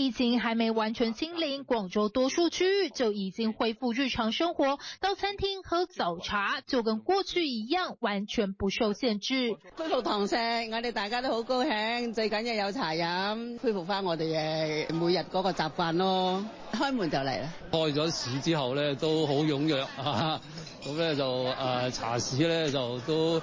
疫情還沒完全清零，廣州多數區域就已經恢復日常生活，到餐廳喝早茶就跟過去一樣，完全不受限制。恢復堂食，我哋大家都好高興，最緊要有茶飲，恢復翻我哋嘅每日嗰個習慣咯。開門就嚟啦，開咗市之後咧都好踴躍啊，咁咧就誒、呃、茶市咧就都。